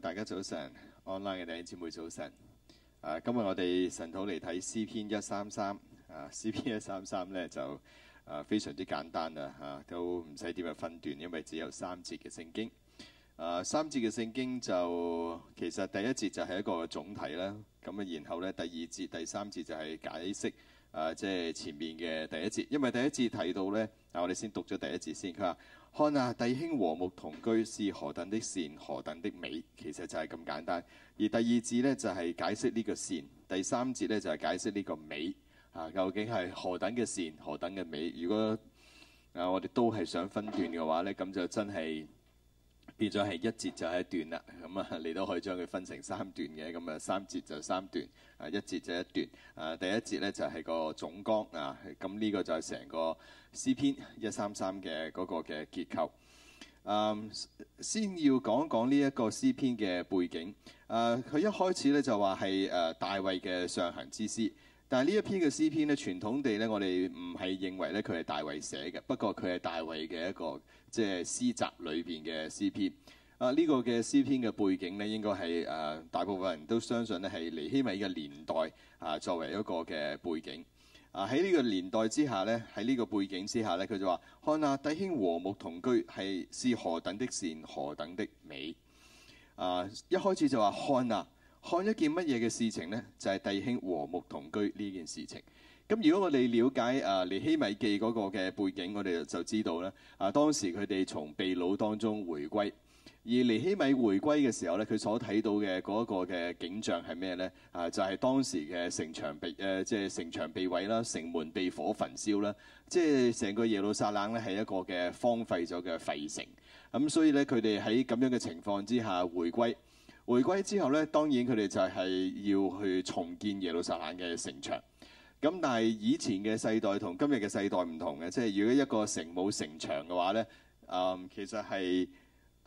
大家早晨，online 嘅弟兄姊妹早晨。啊，今日我哋神討嚟睇詩篇一三三。啊，詩篇一三三咧就啊非常之簡單啦，吓、啊、都唔使點樣分段，因為只有三節嘅聖經。啊，三節嘅聖經就其實第一節就係一個總體啦。咁啊，然後咧第二節、第三節就係解釋啊，即係前面嘅第一節。因為第一節提到咧，啊，我哋先讀咗第一節先，佢話。看哪，弟兄和睦同居是何等的善，何等的美，其實就係咁簡單。而第二節呢，就係解釋呢個善，第三節呢，就係解釋呢個美。啊，究竟係何等嘅善，何等嘅美？如果啊，我哋都係想分段嘅話，呢咁就真係。變咗係一節就係一段啦，咁啊你都可以將佢分成三段嘅，咁啊三節就三段，啊一節就一段，啊第一節咧就係個總綱啊，咁呢個就係成個詩篇一三三嘅嗰個嘅結構。嗯、啊，先要講一講呢一個詩篇嘅背景。誒、啊，佢一開始咧就話係誒大衛嘅上行之詩，但係呢一篇嘅詩篇咧，傳統地咧我哋唔係認為咧佢係大衛寫嘅，不過佢係大衛嘅一個。即係詩集裏邊嘅詩篇，啊呢、這個嘅詩篇嘅背景咧，應該係誒、啊、大部分人都相信咧係尼希米嘅年代啊，作為一個嘅背景啊，喺呢個年代之下呢，喺呢個背景之下呢，佢就話：看啊，弟兄和睦同居係是，是何等的善，何等的美啊！一開始就話看啊，看一件乜嘢嘅事情呢？就係、是、弟兄和睦同居呢件事情。咁如果我哋了解誒尼希米記嗰個嘅背景，我哋就知道咧。啊，當時佢哋從被擄當中回歸，而尼希米回歸嘅時候咧，佢所睇到嘅嗰個嘅景象係咩咧？啊，就係、是、當時嘅城牆被誒，即係城牆被毀啦，城門被火焚燒啦，即係成個耶路撒冷咧係一個嘅荒廢咗嘅廢城。咁所以咧，佢哋喺咁樣嘅情況之下回歸，回歸之後咧，當然佢哋就係要去重建耶路撒冷嘅城牆。咁但係以前嘅世代同今日嘅世代唔同嘅，即係如果一個城冇城牆嘅話咧，嗯，其實係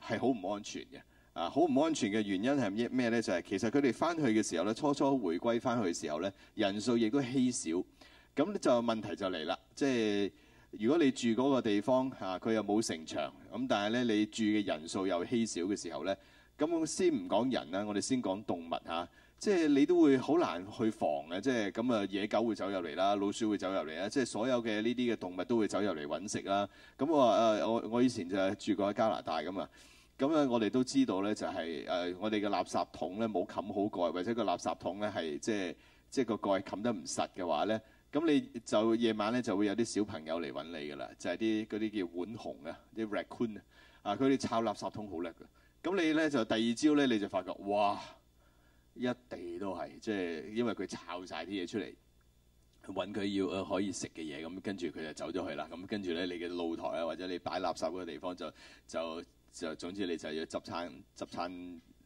係好唔安全嘅，啊，好唔安全嘅原因係咩咧？就係其實佢哋返去嘅時候咧，初初回歸返去嘅時候咧，人數亦都稀少，咁就問題就嚟啦。即係如果你住嗰個地方嚇，佢又冇城牆，咁但係咧你住嘅人數又稀少嘅時候咧，咁先唔講人啦，我哋先講動物嚇。即係你都會好難去防嘅，即係咁啊野狗會走入嚟啦，老鼠會走入嚟啦，即係所有嘅呢啲嘅動物都會走入嚟揾食啦。咁、啊、我話我我以前就住過喺加拿大㗎啊。咁啊，我哋都知道咧，就係、是、誒、呃、我哋嘅垃圾桶咧冇冚好蓋，或者個垃圾桶咧係即係即係個蓋冚得唔實嘅話咧，咁你就夜晚咧就會有啲小朋友嚟揾你㗎啦，就係啲嗰啲叫浣熊啊，啲 raccoon 啊，啊佢哋抄垃圾桶好叻㗎。咁你咧就第二朝咧你就發覺哇！一地都係，即係因為佢摷晒啲嘢出嚟，揾佢要可以食嘅嘢，咁跟住佢就走咗去啦。咁跟住咧，你嘅露台啊，或者你擺垃圾嘅地方就就就，就總之你就要執餐執餐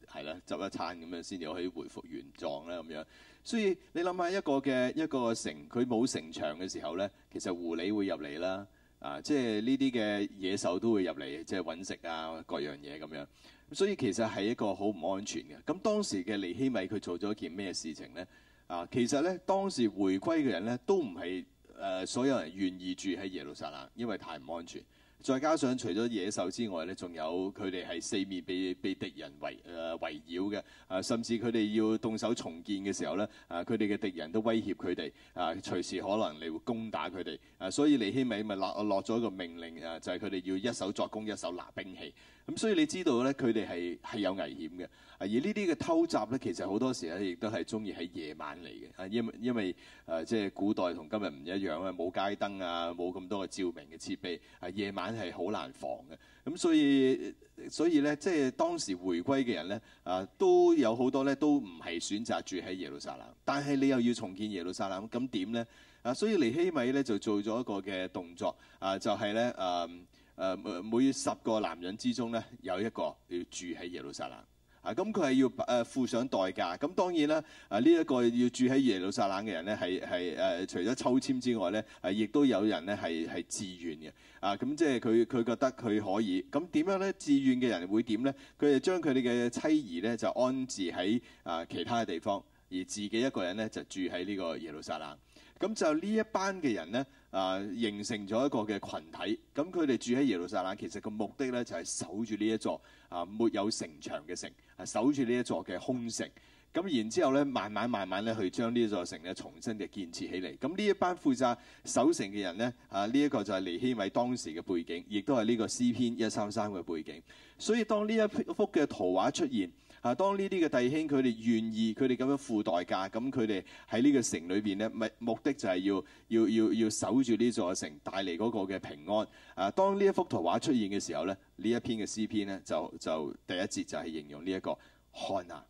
係啦，執一餐咁樣先至可以恢復原狀啦咁樣。所以你諗下一個嘅一個城，佢冇城牆嘅時候咧，其實狐狸會入嚟啦，啊，即係呢啲嘅野獸都會入嚟，即係揾食啊各樣嘢咁樣。所以其實係一個好唔安全嘅。咁當時嘅尼希米佢做咗件咩事情呢？啊，其實呢，當時回歸嘅人呢，都唔係誒所有人願意住喺耶路撒冷，因為太唔安全。再加上除咗野獸之外呢，仲有佢哋係四面被被敵人圍誒、呃、圍繞嘅。啊，甚至佢哋要動手重建嘅時候呢，啊，佢哋嘅敵人都威脅佢哋啊，隨時可能嚟會攻打佢哋。啊，所以尼希米咪落落咗一個命令啊，就係佢哋要一手作工，一手拿兵器。咁、嗯、所以你知道咧，佢哋係係有危險嘅。啊，而呢啲嘅偷襲咧，其實好多時咧亦都係鍾意喺夜晚嚟嘅。啊，因因為啊、呃，即係古代同今日唔一樣啦，冇街燈啊，冇咁多嘅照明嘅設備，啊，夜晚係好難防嘅。咁、啊、所以所以咧，即係當時回歸嘅人咧，啊，都有好多咧，都唔係選擇住喺耶路撒冷。但係你又要重建耶路撒冷，咁點咧？啊，所以尼希米咧就做咗一個嘅動作，啊，就係、是、咧，啊。誒每十個男人之中咧，有一個要住喺耶路撒冷啊，咁佢係要誒付上代價。咁、啊、當然啦，啊呢一個要住喺耶路撒冷嘅人咧係係誒除咗抽籤之外咧，係、啊、亦都有人咧係係自願嘅。啊咁即係佢佢覺得佢可以。咁、啊、點樣咧？自願嘅人會點咧？佢哋將佢哋嘅妻兒咧就安置喺啊其他嘅地方，而自己一個人咧就住喺呢個耶路撒冷。咁就呢一班嘅人呢，啊，形成咗一個嘅群體。咁佢哋住喺耶路撒冷，其實個目的呢就係守住呢一座啊沒有城牆嘅城，守住呢一座嘅空城。咁然之後呢，慢慢慢慢呢去將呢座城呢重新嘅建設起嚟。咁呢一班負責守城嘅人呢，啊，呢一個就係尼希米當時嘅背景，亦都係呢個詩篇一三三嘅背景。所以當呢一幅嘅圖畫出現。啊！當呢啲嘅弟兄佢哋願意，佢哋咁樣付代價，咁佢哋喺呢個城裏邊咧，目目的就係要要要要守住呢座城，帶嚟嗰個嘅平安。啊！當呢一幅圖畫出現嘅時候咧，呢一篇嘅詩篇咧，就就第一節就係形容呢、這、一個 Hannah, 看哪，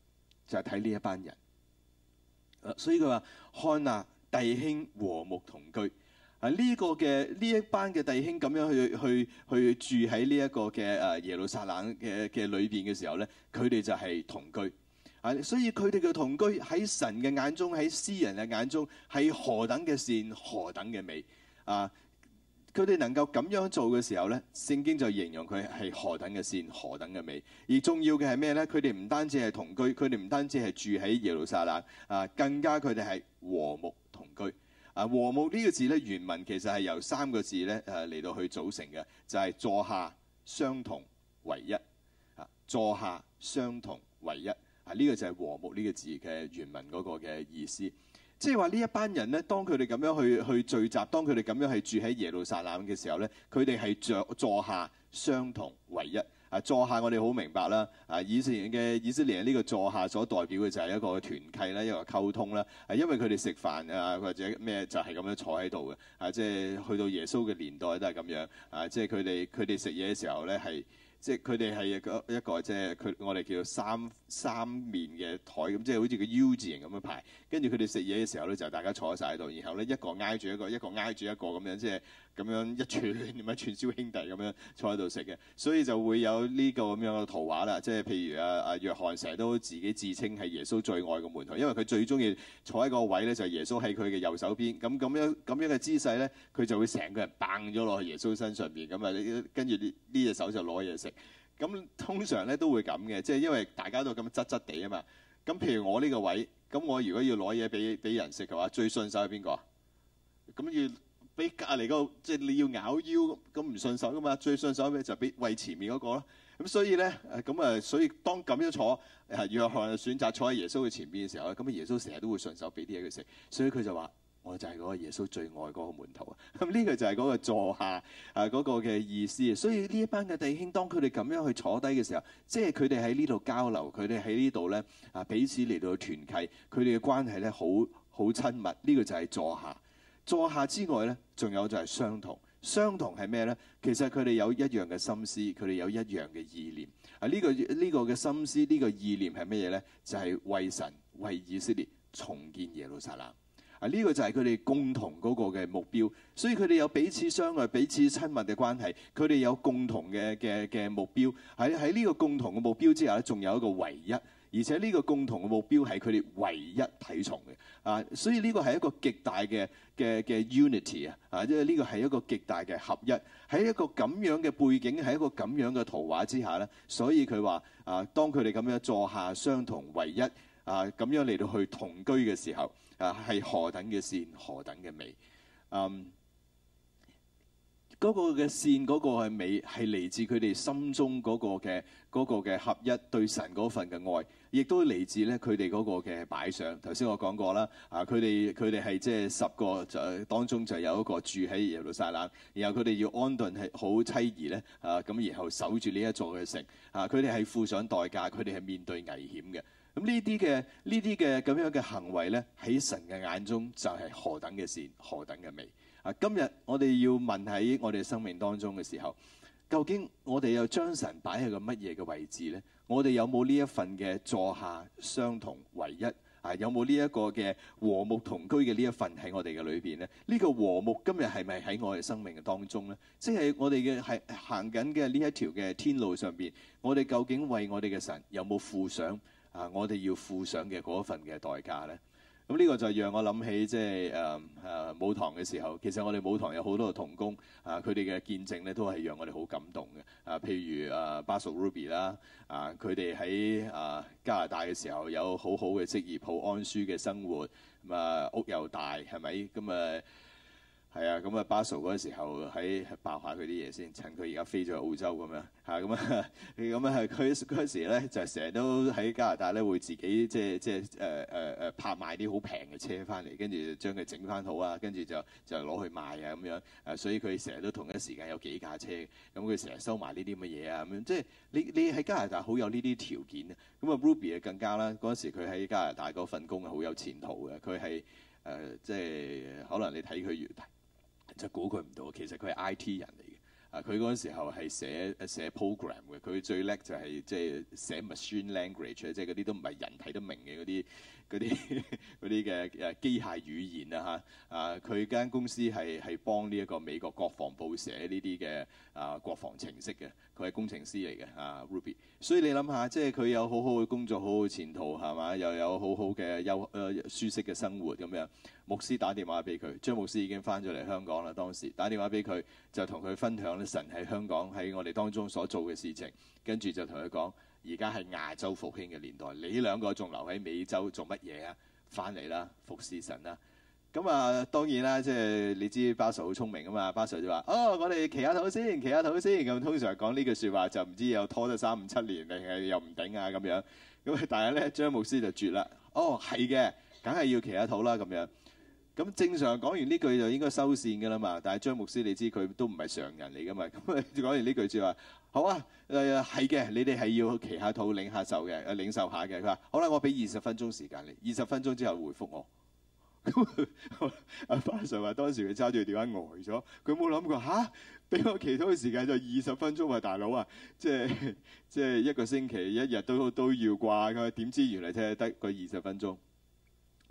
就係睇呢一班人。所以佢話看哪，annah, 弟兄和睦同居。呢、啊呢個嘅呢一班嘅弟兄咁樣去去去住喺呢一個嘅誒、啊、耶路撒冷嘅嘅裏邊嘅時候咧，佢哋就係同居。啊，所以佢哋嘅同居喺神嘅眼中，喺詩人嘅眼中係何等嘅善，何等嘅美啊！佢哋能夠咁樣做嘅時候咧，聖經就形容佢係何等嘅善，何等嘅美。而重要嘅係咩咧？佢哋唔單止係同居，佢哋唔單止係住喺耶路撒冷啊，更加佢哋係和睦。啊，和睦呢個字咧，原文其實係由三個字咧，誒嚟到去組成嘅，就係、是、坐下相同唯一啊，坐下相同唯一啊，呢、這個就係和睦呢個字嘅原文嗰個嘅意思，即係話呢一班人咧，當佢哋咁樣去去聚集，當佢哋咁樣係住喺耶路撒冷嘅時候咧，佢哋係着坐下相同唯一。啊，坐下我哋好明白啦！啊，以前嘅以色列呢個坐下所代表嘅就係一個團契啦，一個溝通啦。啊，因為佢哋食飯啊，或者咩就係咁樣坐喺度嘅。啊，即係去到耶穌嘅年代都係咁樣。啊，即係佢哋佢哋食嘢嘅時候咧，係即係佢哋係一個即係佢我哋叫三三面嘅台咁，即係好似個 U 字形咁樣排。跟住佢哋食嘢嘅時候咧，就大家坐晒喺度，然後咧一個挨住一個，一個挨住一個咁樣，即係咁樣一串咁一串燒兄弟咁樣坐喺度食嘅，所以就會有呢個咁樣嘅圖畫啦。即係譬如啊阿約翰成日都自己自稱係耶穌最愛嘅門徒，因為佢最中意坐喺個位咧，就係耶穌喺佢嘅右手邊。咁咁樣咁樣嘅姿勢咧，佢就會成個人掟咗落去耶穌身上邊咁啊！跟住呢隻手就攞嘢食。咁通常咧都會咁嘅，即係因為大家都咁樣窒窒地啊嘛。咁譬如我呢個位，咁我如果要攞嘢俾俾人食嘅話，最順手係邊個啊？咁要俾隔離個，即係你要咬腰咁，咁唔順手噶嘛？最順手嘅就俾喂前面嗰個咯。咁所以咧，咁啊，所以當咁樣坐，約翰選擇坐喺耶穌嘅前邊嘅時候咧，咁啊耶穌成日都會順手俾啲嘢佢食，所以佢就話。我就係嗰個耶穌最愛嗰個門徒啊！咁呢個就係嗰個座下啊，嗰個嘅意思。所以呢一班嘅弟兄，當佢哋咁樣去坐低嘅時候，即係佢哋喺呢度交流，佢哋喺呢度咧啊，彼此嚟到團契，佢哋嘅關係咧好好親密。呢個就係座下。座下之外呢，仲有就係相同。相同係咩呢？其實佢哋有一樣嘅心思，佢哋有一樣嘅意念啊。呢個呢個嘅心思，呢個意念係乜嘢呢？就係為神、為以色列重建耶路撒冷。啊！呢個就係佢哋共同嗰個嘅目標，所以佢哋有彼此相愛、彼此親密嘅關係，佢哋有共同嘅嘅嘅目標。喺喺呢個共同嘅目標之下咧，仲有一個唯一，而且呢個共同嘅目標係佢哋唯一睇重嘅。啊，所以呢個係一個極大嘅嘅 unity 啊！啊，因為呢個係一個極大嘅合一。喺一個咁樣嘅背景，喺一個咁樣嘅圖畫之下咧，所以佢話啊，當佢哋咁樣坐下相同唯一啊，咁樣嚟到去同居嘅時候。啊，係何等嘅善，何等嘅美，嗯、um。嗰個嘅善，嗰個係美，係嚟自佢哋心中嗰個嘅嗰個嘅合一對神嗰份嘅愛，亦都嚟自咧佢哋嗰個嘅擺上。頭先我講過啦，啊佢哋佢哋係即係十個就當中就有一個住喺耶路撒冷，然後佢哋要安頓係好妻兒咧，啊咁然後守住呢一座嘅城，啊佢哋係付上代價，佢哋係面對危險嘅。咁呢啲嘅呢啲嘅咁樣嘅行為咧，喺神嘅眼中就係何等嘅善，何等嘅美。啊！今日我哋要問喺我哋生命當中嘅時候，究竟我哋又將神擺喺個乜嘢嘅位置呢？我哋有冇呢一份嘅坐下相同唯一啊？有冇呢一個嘅和睦同居嘅呢一份喺我哋嘅裏邊呢？呢、呢個和睦今日係咪喺我哋生命嘅當中呢？即係我哋嘅係行緊嘅呢一條嘅天路上邊，我哋究竟為我哋嘅神有冇付上啊？我哋要付上嘅嗰一份嘅代價呢？咁呢個就讓我諗起，即係誒誒母堂嘅時候，其實我哋母堂有好多童工，啊佢哋嘅見證咧都係讓我哋好感動嘅。啊，譬如啊巴索 Ruby 啦，啊佢哋喺啊，啊加拿大嘅時候有好好嘅職業，好安舒嘅生活，咁啊屋又大，係咪咁啊？係啊，咁啊 Basel 嗰陣時候喺爆下佢啲嘢先，趁佢而家飛咗去澳洲咁樣，嚇咁啊，咁啊係佢嗰陣時咧就成日都喺加拿大咧會自己即係即係誒誒誒拍賣啲好平嘅車翻嚟，跟住將佢整翻好啊，跟住就就攞去賣啊咁樣。所以佢成日都同一時間有幾架車，咁佢成日收埋呢啲乜嘢啊咁樣。即係你你喺加拿大好有呢啲條件啊，咁啊 Ruby 更加啦。嗰陣時佢喺加拿大嗰份工係好有前途嘅，佢係誒即係可能你睇佢越。就估佢唔到，其實佢係 IT 人嚟嘅。啊，佢嗰陣時候係寫寫 program 嘅，佢最叻就係即係寫 machine language，即係嗰啲都唔係人睇得明嘅嗰啲。嗰啲啲嘅誒機械語言啊嚇，啊佢間公司係係幫呢一個美國國防部寫呢啲嘅啊國防程式嘅，佢係工程師嚟嘅啊 Ruby，所以你諗下，即係佢有好好嘅工作，好好嘅前途係嘛，又有好好嘅優誒、呃、舒適嘅生活咁樣。牧師打電話俾佢，張牧師已經翻咗嚟香港啦，當時打電話俾佢，就同佢分享神喺香港喺我哋當中所做嘅事情，跟住就同佢講。而家係亞洲復興嘅年代，你兩個仲留喺美洲做乜嘢啊？翻嚟啦，服侍神啦。咁啊，當然啦，即係你知巴 sir 好聰明啊嘛，巴 sir 就話：哦，我哋祈下禱先，祈下禱先。咁通常講呢句説話就唔知又拖咗三五七年，定係又唔頂啊咁樣。咁但係咧，張牧師就絕啦。哦，係嘅，梗係要祈下禱啦咁樣。咁正常講完呢句就應該收線㗎啦嘛。但係張牧師你知佢都唔係常人嚟㗎嘛。咁講完呢句説話。好啊，誒係嘅，你哋係要祈下禱領下受嘅，領受下嘅。佢話：好啦，我俾二十分鐘時間你，二十分鐘之後回覆我。阿花 Sir 話當時佢揸住電話呆咗，佢冇諗過嚇，俾、啊、我祈禱嘅時間就二十分鐘啊，大佬啊，即係即係一個星期一日都都要掛佢，點、啊、知原來真係得個二十分鐘。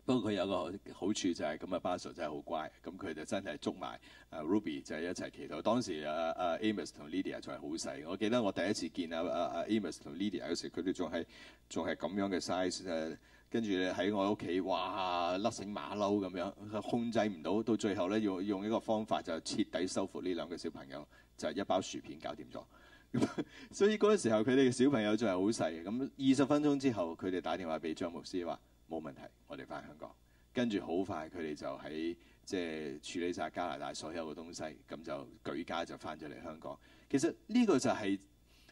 不過佢有個好好處就係咁啊，巴蘇真係好乖，咁佢就真係捉埋啊 Ruby 就係一齊祈禱。當時啊啊 Amos 同 Lydia 仲係好細，我記得我第一次見啊啊 Amos 同 Lydia 嘅時，佢哋仲係仲係咁樣嘅 size 跟住喺我屋企哇，甩繩馬騮咁樣，控制唔到，到最後咧，用用一個方法就徹底收復呢兩個小朋友，就係、是、一包薯片搞掂咗。所以嗰陣時候佢哋嘅小朋友仲係好細嘅，咁二十分鐘之後佢哋打電話俾張牧師話。冇問題，我哋返香港，跟住好快佢哋就喺即係處理曬加拿大所有嘅東西，咁就舉家就返咗嚟香港。其實呢個就係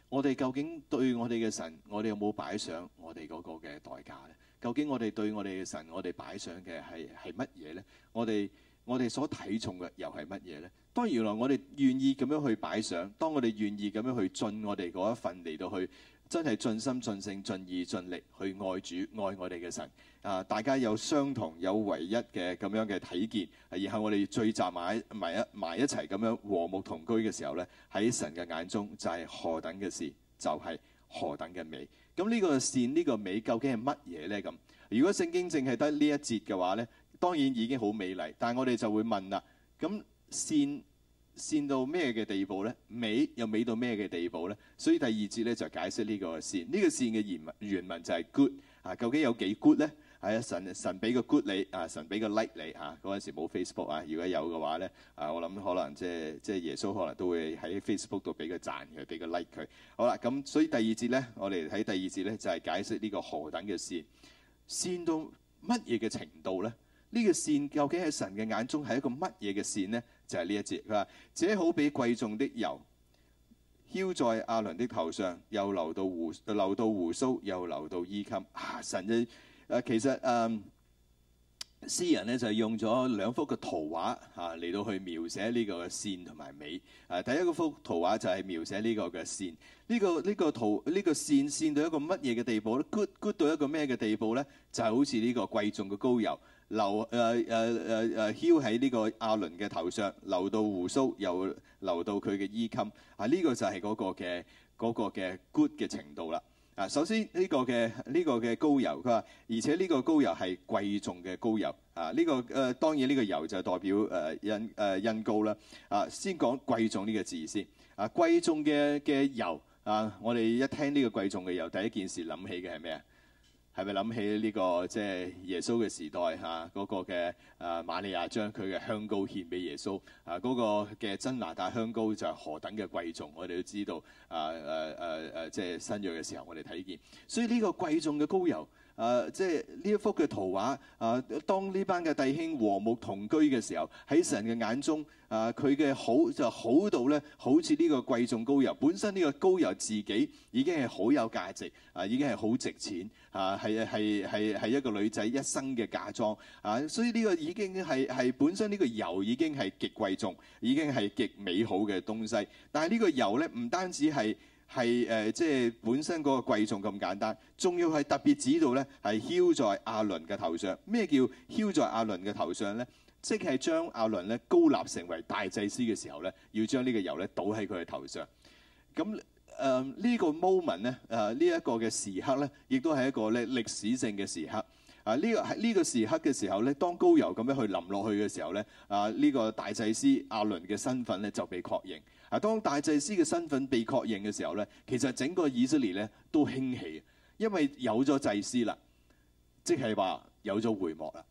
我哋究竟對我哋嘅神，我哋有冇擺上我哋嗰個嘅代價呢？究竟我哋對我哋嘅神，我哋擺上嘅係係乜嘢呢？我哋我哋所睇重嘅又係乜嘢呢？當然原來我哋願意咁樣去擺上，當我哋願意咁樣去盡我哋嗰一份嚟到去。真係盡心盡性盡意盡力去愛主愛我哋嘅神啊！大家有相同有唯一嘅咁樣嘅睇見、啊，然後我哋聚集埋一埋一埋一齊咁樣和睦同居嘅時候呢，喺神嘅眼中就係、是、何等嘅事，就係、是、何等嘅美。咁、啊、呢、這個善呢、這個美究竟係乜嘢呢？咁如果聖經淨係得呢一節嘅話呢，當然已經好美麗。但係我哋就會問啦，咁、啊、善？善到咩嘅地步咧？美又美到咩嘅地步咧？所以第二節咧就是、解釋呢個善，呢、呢個善嘅原文原文就係 good 啊，究竟有幾 good 咧？係啊，神神俾個 good 你啊，神俾個 like 你啊，嗰陣時冇 Facebook 啊，如果有嘅話咧啊，我諗可能即係即係耶穌可能都會喺 Facebook 度俾個讚佢，俾個 like 佢。好啦，咁所以第二節咧，我哋喺第二節咧就係、是、解釋呢個何等嘅善，善到乜嘢嘅程度咧？呢個善究竟喺神嘅眼中係一個乜嘢嘅善呢？就係、是、呢一節佢話：這好比貴重的油，澆在亞倫的頭上，又流到鬍，流到鬍鬚，又流到衣襟。啊！神嘅誒、啊、其實誒、啊、詩人呢就係用咗兩幅嘅圖畫嚇嚟到去描寫呢個嘅善同埋美啊。第一幅圖畫就係描寫呢個嘅善，呢個呢個圖呢個善善、這個這個這個、到一個乜嘢嘅地步咧？good good 到一個咩嘅地步咧？就係、是、好似呢個貴重嘅膏油。流誒誒誒誒澆喺呢個亞倫嘅頭上，流到鬍鬚，又流到佢嘅衣襟啊！呢、這個就係嗰個嘅嗰個嘅 good 嘅程度啦啊！首先呢、這個嘅呢、這個嘅高油，佢話而且呢個高油係貴重嘅高油啊！呢、這個誒、呃、當然呢個油就代表誒恩誒恩膏啦啊！先講貴重呢個字先啊！貴重嘅嘅油啊，我哋一聽呢個貴重嘅油，第一件事諗起嘅係咩啊？係咪諗起呢、這個、就是、耶穌嘅時代嚇嗰、啊那個嘅啊瑪利亞將佢嘅香膏獻俾耶穌啊，嗰、那個嘅真哪噠香膏就係何等嘅貴重，我哋都知道啊啊啊啊！即、啊、係、啊啊就是、新約嘅時候，我哋睇見，所以呢個貴重嘅膏油。誒、啊，即係呢一幅嘅圖畫。誒、啊，當呢班嘅弟兄和睦同居嘅時候，喺神嘅眼中，誒佢嘅好就好到咧，好似呢個貴重膏油。本身呢個膏油自己已經係好有價值，啊，已經係好值錢，啊，係係係係一個女仔一生嘅嫁妝。啊，所以呢個已經係係本身呢個油已經係極貴重，已經係極美好嘅東西。但係呢個油咧，唔單止係。係誒、呃，即係本身嗰個貴重咁簡單，仲要係特別指導咧，係澆在亞倫嘅頭上。咩叫澆在亞倫嘅頭上咧？即係將亞倫咧膏立成為大祭司嘅時候咧，要將呢個油咧倒喺佢嘅頭上。咁誒呢個 moment 呢，誒呢一個嘅時刻咧，亦都係一個咧歷史性嘅時刻。啊，呢、這個喺呢個時刻嘅時候咧，當膏油咁樣淋去淋落去嘅時候咧，啊呢、這個大祭司亞倫嘅身份咧就被確認。嗱，當大祭司嘅身份被確認嘅時候咧，其實整個以色列咧都興起，因為有咗祭司啦，即係話有咗會幕啦，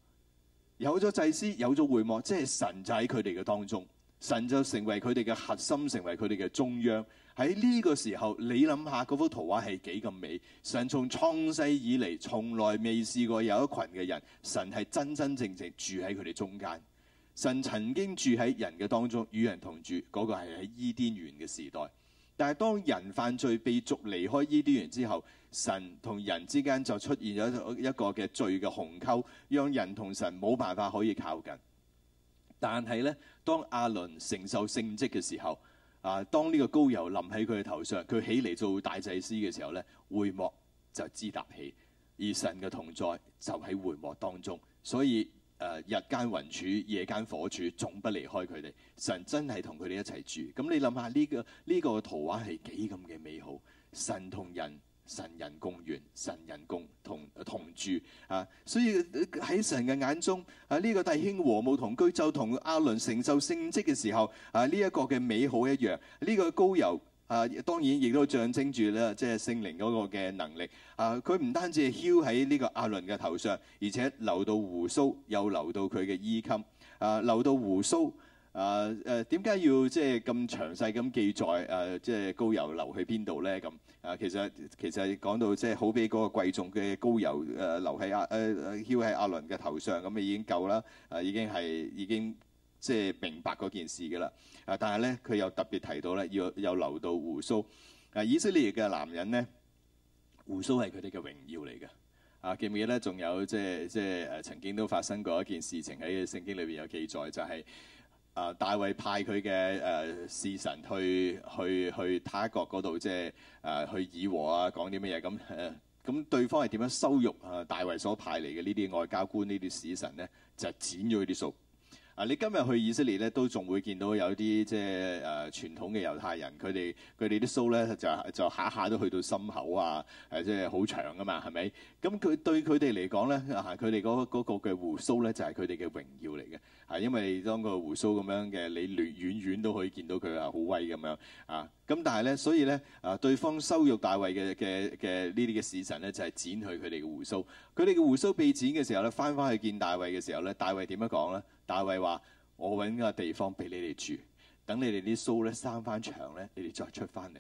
有咗祭司，有咗會幕，即係神就喺佢哋嘅當中，神就成為佢哋嘅核心，成為佢哋嘅中央。喺呢個時候，你諗下嗰幅圖畫係幾咁美？神從創世以嚟，從來未試過有一群嘅人，神係真真正正正住喺佢哋中間。神曾經住喺人嘅當中，與人同住，嗰、那個係喺伊甸園嘅時代。但係當人犯罪被逐離開伊甸園之後，神同人之間就出現咗一個嘅罪嘅鴻溝，讓人同神冇辦法可以靠近。但係呢當亞倫承受聖職嘅時候，啊，當呢個膏油淋喺佢嘅頭上，佢起嚟做大祭司嘅時候呢，會幕就支搭起，而神嘅同在就喺會幕當中，所以。誒日間雲柱，夜間火柱，總不離開佢哋。神真係同佢哋一齊住。咁你諗下呢個呢個圖畫係幾咁嘅美好？神同人，神人共圓，神人共同同住啊！所以喺神嘅眼中，啊呢個弟兄和睦同居，就同阿倫承受聖職嘅時候啊呢一個嘅美好一樣。呢個膏油。啊，當然亦都象徵住咧，即係聖靈嗰個嘅能力。啊，佢唔單止係轟喺呢個亞倫嘅頭上，而且流到鬍鬚，又流到佢嘅衣襟。啊，流到鬍鬚。啊，誒點解要即係咁詳細咁記載？誒、啊，即係膏油流去邊度咧？咁啊，其實其實講到即係好比嗰個貴重嘅膏油誒流喺亞誒轟喺亞倫嘅頭上，咁、嗯、已經夠啦。啊，已經係已經。已經即係明白嗰件事㗎啦，啊！但係咧，佢又特別提到咧，要要留到鬍鬚。啊，以色列嘅男人咧，鬍鬚係佢哋嘅榮耀嚟嘅。啊，記唔記得咧？仲有即係即係曾經都發生過一件事情喺聖經裏邊有記載，就係、是、啊，大衛派佢嘅誒使臣去去去泰國嗰度，即係啊去議和啊講啲乜嘢咁。咁、啊啊、對方係點樣羞辱啊？大衛所派嚟嘅呢啲外交官、神呢啲使臣咧，就剪咗佢啲鬚。啊！你今日去以色列咧，都仲會見到有啲即係誒傳統嘅猶太人，佢哋佢哋啲鬚咧就就下下都去到心口啊！誒，即係好長噶嘛，係咪？咁佢對佢哋嚟講咧，啊，佢哋嗰個嘅、嗰個、鬍鬚咧就係佢哋嘅榮耀嚟嘅，啊，因為當個鬍鬚咁樣嘅，你遠遠都可以見到佢啊，好威咁樣啊！咁、嗯、但係咧，所以咧，啊，對方羞辱大衛嘅嘅嘅呢啲嘅使臣咧，就係、是、剪去佢哋嘅鬍鬚，佢哋嘅鬍鬚被剪嘅時候咧，翻返去見大衛嘅時候咧，大衛點樣講咧？大衛話我揾個地方俾你哋住，等你哋啲鬚咧生返長咧，你哋再出返嚟。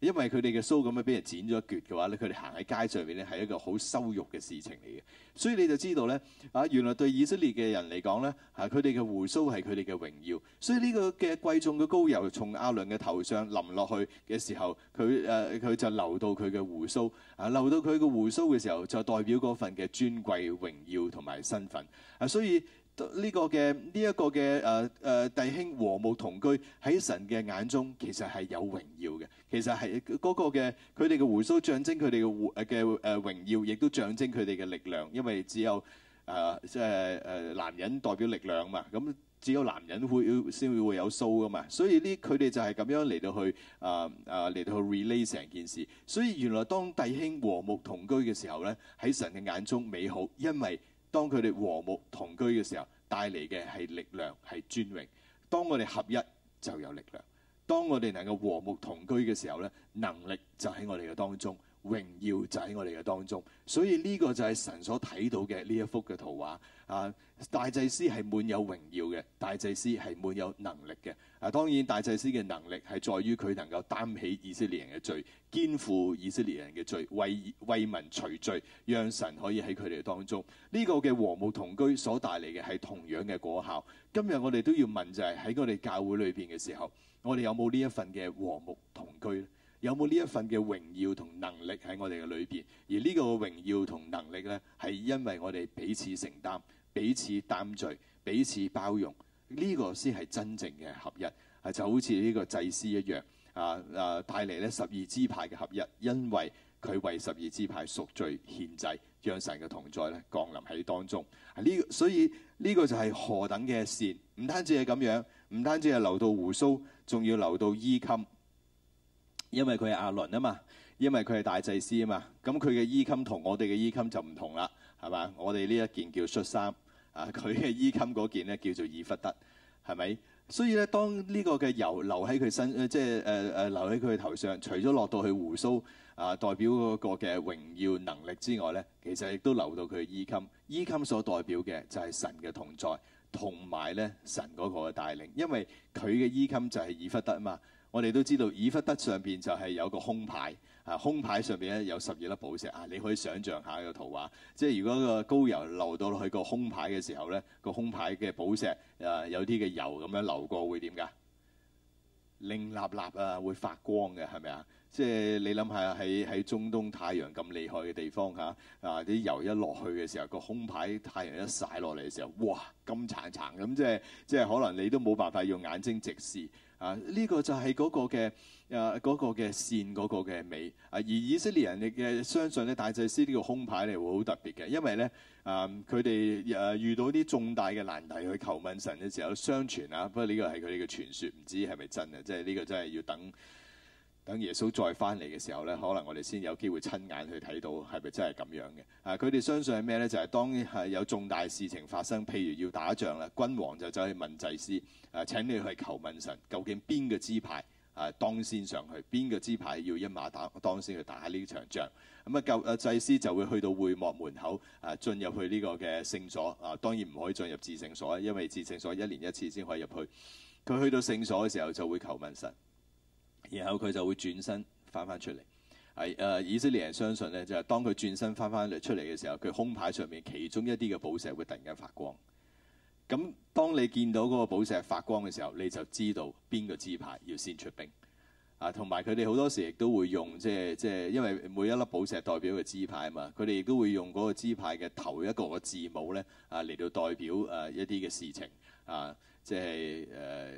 因為佢哋嘅鬚咁樣俾人剪咗一橛嘅話咧，佢哋行喺街上面咧，係一個好羞辱嘅事情嚟嘅，所以你就知道咧啊，原來對以色列嘅人嚟講咧，啊佢哋嘅鬍鬚係佢哋嘅榮耀，所以呢個嘅貴重嘅高油從亞倫嘅頭上淋落去嘅時候，佢，誒佢就流到佢嘅鬍鬚啊，流到佢嘅鬍鬚嘅時候，就代表嗰份嘅尊貴榮耀同埋身份啊，所以。呢個嘅呢一個嘅誒誒弟兄和睦同居，喺神嘅眼中其實係有榮耀嘅，其實係嗰個嘅佢哋嘅鬍鬚象徵佢哋嘅鬍嘅誒榮耀，亦都象徵佢哋嘅力量，因為只有誒即係誒男人代表力量嘛，咁只有男人會先會會有鬚噶嘛，所以呢佢哋就係咁樣嚟到去誒誒嚟到去 relate 成件事，所以原來當弟兄和睦同居嘅時候咧，喺神嘅眼中美好，因為。當佢哋和睦同居嘅時候，帶嚟嘅係力量，係尊榮。當我哋合一就有力量。當我哋能夠和睦同居嘅時候咧，能力就喺我哋嘅當中。榮耀就喺我哋嘅當中，所以呢個就係神所睇到嘅呢一幅嘅圖畫。啊，大祭司係滿有榮耀嘅，大祭司係滿有能力嘅。啊，當然大祭司嘅能力係在於佢能夠擔起以色列人嘅罪，肩負以色列人嘅罪，為為民除罪，讓神可以喺佢哋當中。呢個嘅和睦同居所帶嚟嘅係同樣嘅果效。今日我哋都要問就係喺我哋教會裏邊嘅時候，我哋有冇呢一份嘅和睦同居咧？有冇呢一份嘅榮耀同能力喺我哋嘅裏邊？而呢個榮耀同能力呢，係因為我哋彼此承擔、彼此擔罪、彼此包容，呢、呢個先係真正嘅合一。係、啊、就好似呢個祭司一樣啊，啊，帶嚟呢十二支派嘅合一，因為佢為十二支派贖罪獻祭，讓神嘅同在呢降臨喺當中。呢、啊、所以呢、呢個就係何等嘅善！唔單止係咁樣，唔單止係流到胡鬚，仲要流到衣襟。因為佢係亞倫啊嘛，因為佢係大祭司啊嘛，咁佢嘅衣襟同我哋嘅衣襟就唔同啦，係嘛？我哋呢一件叫恤衫，啊佢嘅衣襟嗰件咧叫做以弗得，係咪？所以咧，當呢個嘅油流喺佢身，即係誒誒流喺佢嘅頭上，除咗落到去胡鬚啊、呃，代表嗰個嘅榮耀能力之外咧，其實亦都流到佢嘅衣襟，衣襟所代表嘅就係神嘅同在，同埋咧神嗰個嘅帶領，因為佢嘅衣襟就係以弗得啊嘛。我哋都知道，以弗得上邊就係有個胸牌，啊，胸牌上邊咧有十二粒寶石啊，你可以想象下個圖畫。即係如果個膏油流到落去個胸牌嘅時候咧，個胸牌嘅寶石啊，有啲嘅油咁樣流過會點㗎？令立立啊，會發光嘅係咪啊？即係你諗下喺喺中東太陽咁厲害嘅地方吓，啊啲油一落去嘅時候，個胸牌太陽一曬落嚟嘅時候，哇，金燦燦咁，即係即係可能你都冇辦法用眼睛直視。啊！呢、呢個就係嗰個嘅誒，嗰、啊嗰個嘅善嗰個嘅美啊！而以色列人嘅嘅相信咧，大祭司呢個胸牌嚟會好特別嘅，因為咧啊，佢哋誒遇到啲重大嘅難題去求問神嘅時候，相傳啊，不過呢個係佢哋嘅傳説，唔知係咪真嘅，即係呢個真係要等。等耶穌再翻嚟嘅時候呢，可能我哋先有機會親眼去睇到係咪真係咁樣嘅。啊，佢哋相信係咩呢？就係、是、當係有重大事情發生，譬如要打仗啦，君王就走去問祭司，誒、啊、請你去求問神，究竟邊個支派啊當先上去，邊個支派要一馬打當先去打呢場仗。咁啊，舊祭司就會去到會幕門口，誒、啊、進入去呢個嘅聖所。啊，當然唔可以進入至聖所，因為至聖所一年一次先可以入去。佢去到聖所嘅時候就會求問神。然後佢就會轉身翻翻出嚟，係、啊、誒以色列人相信呢，就係、是、當佢轉身翻翻出嚟嘅時候，佢胸牌上面其中一啲嘅寶石會突然間發光。咁、啊、當你見到嗰個寶石發光嘅時候，你就知道邊個支派要先出兵。啊，同埋佢哋好多時亦都會用即係即係，因為每一粒寶石代表嘅個支派嘛，佢哋亦都會用嗰個支派嘅頭一個嘅字母呢啊嚟到代表誒、啊、一啲嘅事情啊，即係誒。啊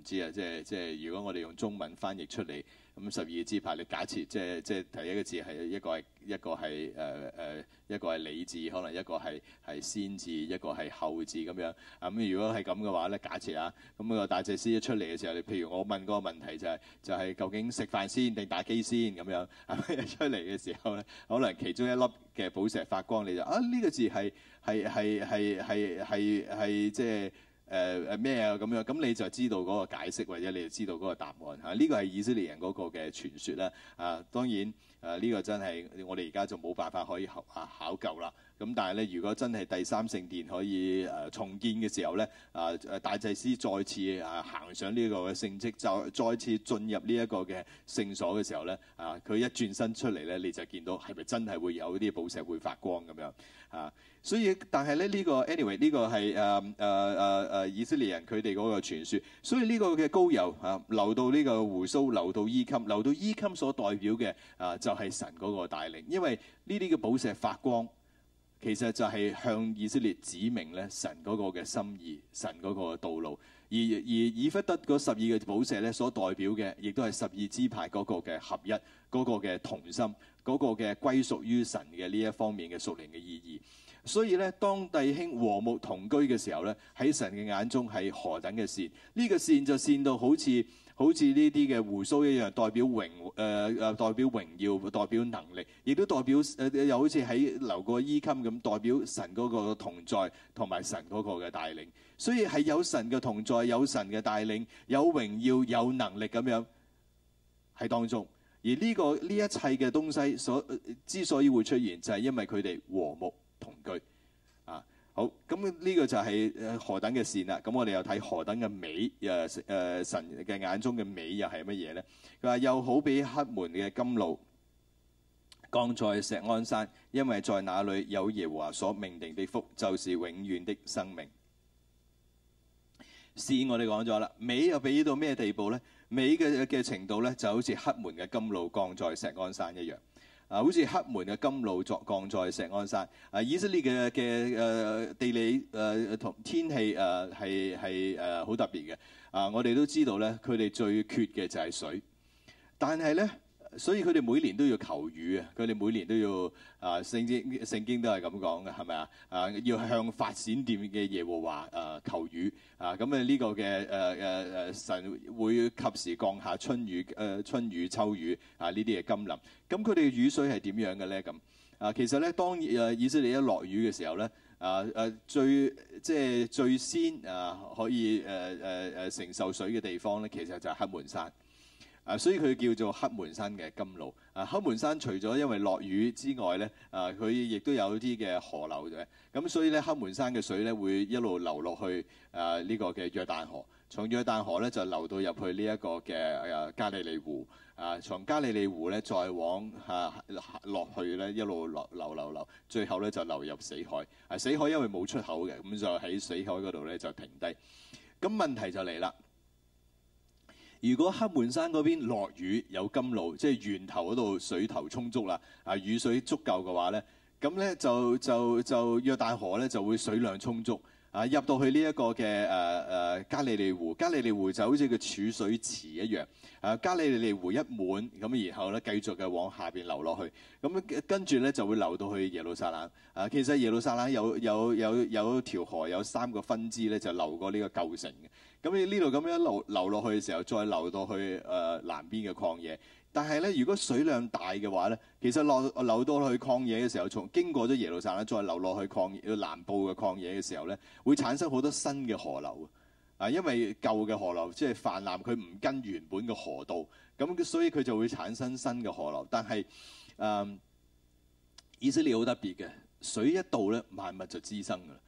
唔知啊，即係即係，如果我哋用中文翻譯出嚟，咁十二支牌，你假設即係即係第一個字係一個係一個係誒誒一個係理字，可能一個係係先字，一個係後字咁樣。咁如果係咁嘅話咧，假設啊，咁個大祭司一出嚟嘅時候，你譬如我問個問題就係就係究竟食飯先定打機先咁樣，一出嚟嘅時候咧，可能其中一粒嘅寶石發光，你就啊呢個字係係係係係係即係。誒誒咩啊咁樣，咁你就知道嗰個解釋，或者你就知道嗰個答案嚇。呢個係以色列人嗰個嘅傳說啦。啊，當然誒呢個真係我哋而家就冇辦法可以考考究啦。咁但係咧，如果真係第三聖殿可以誒、啊、重建嘅時候咧，啊誒大祭司再次啊行上呢個嘅聖職，就再次進入呢一個嘅聖所嘅時候咧，啊佢一轉身出嚟咧，你就見到係咪真係會有啲寶石會發光咁樣啊？所以但係咧，呢、這個 anyway 呢個係誒誒誒誒以色列人佢哋嗰個傳説，所以呢個嘅膏油啊流到呢個鬍鬚，流到衣襟，流到衣襟所代表嘅啊就係、是、神嗰個帶領，因為呢啲嘅寶石發光。其實就係向以色列指明咧神嗰個嘅心意、神嗰個道路，而而以弗得嗰十二個寶石咧所代表嘅，亦都係十二支派嗰個嘅合一、嗰、嗰個嘅同心、嗰、嗰個嘅歸屬於神嘅呢一方面嘅屬靈嘅意義。所以咧，當弟兄和睦同居嘅時候咧，喺神嘅眼中係何等嘅善？呢、呢個善就善到好似。好似呢啲嘅鬍鬚一樣，代表榮誒誒，代表榮耀，代表能力，亦都代表誒，又好似喺留過衣襟咁，代表神嗰個同在同埋神嗰個嘅帶領，所以係有神嘅同在，有神嘅帶領，有榮耀，有能力咁樣喺當中。而呢個呢一切嘅東西所之所以會出現，就係因為佢哋和睦同居。好，咁呢個就係何等嘅善啦。咁我哋又睇何等嘅美。誒誒，神嘅眼中嘅美又係乜嘢呢？佢話又好比黑門嘅甘露降在錫安山，因為在那裏有耶和華所命定的福，就是永遠的生命。善我哋講咗啦，美又俾到咩地步呢？美嘅嘅程度呢，就好似黑門嘅甘露降在錫安山一樣。啊，好似黑門嘅甘露作降在錫安山，啊、以色列嘅、啊、地理同、啊、天氣誒係好特別嘅，啊，我哋都知道呢佢哋最缺嘅就係水，但係呢。所以佢哋每年都要求雨啊！佢哋每年都要啊，聖經聖經都係咁講嘅，係咪啊？啊，要向發閃電嘅耶和華啊求雨啊！咁啊呢個嘅誒誒誒神會及時降下春雨，誒春雨秋雨啊，呢啲嘅甘霖。咁佢哋嘅雨水係點樣嘅咧？咁啊，其實咧當以色列一落雨嘅時候咧，啊誒最即係最先啊可以誒誒誒承受水嘅地方咧，其實就係黑門山。啊，所以佢叫做黑門山嘅甘露。啊，黑門山除咗因為落雨之外咧，啊，佢亦都有啲嘅河流嘅。咁、啊、所以咧，黑門山嘅水咧會一路流落去啊呢、呢個嘅約旦河，從約旦河咧就流到入去呢一個嘅、啊、加利利湖。啊，從加利利湖咧再往啊落去咧一路流流流流，最後咧就流入死海。啊，死海因為冇出口嘅，咁就喺死海嗰度咧就停低。咁問題就嚟啦。如果黑門山嗰邊落雨有甘露，即係源頭嗰度水頭充足啦，啊雨水足夠嘅話咧，咁咧就就就約旦河咧就會水量充足，啊入到去呢一個嘅誒誒加利利湖，加利利湖就好似個儲水池一樣，啊加利，利利湖一滿，咁然後咧繼續嘅往下邊流落去，咁、啊、跟住咧就會流到去耶路撒冷，啊其實耶路撒冷有有有有，有條河有三個分支咧就流過呢個舊城嘅。咁你呢度咁樣流流落去嘅時候，再流到去誒、呃、南邊嘅曠野。但係咧，如果水量大嘅話咧，其實流流到去曠野嘅時候，從經過咗耶路撒冷，再流落去曠野南部嘅曠野嘅時候咧，會產生好多新嘅河流啊！因為舊嘅河流即係泛濫，佢唔跟原本嘅河道，咁、嗯、所以佢就會產生新嘅河流。但係誒、嗯，以色列好特別嘅，水一到咧，萬物就滋生㗎啦。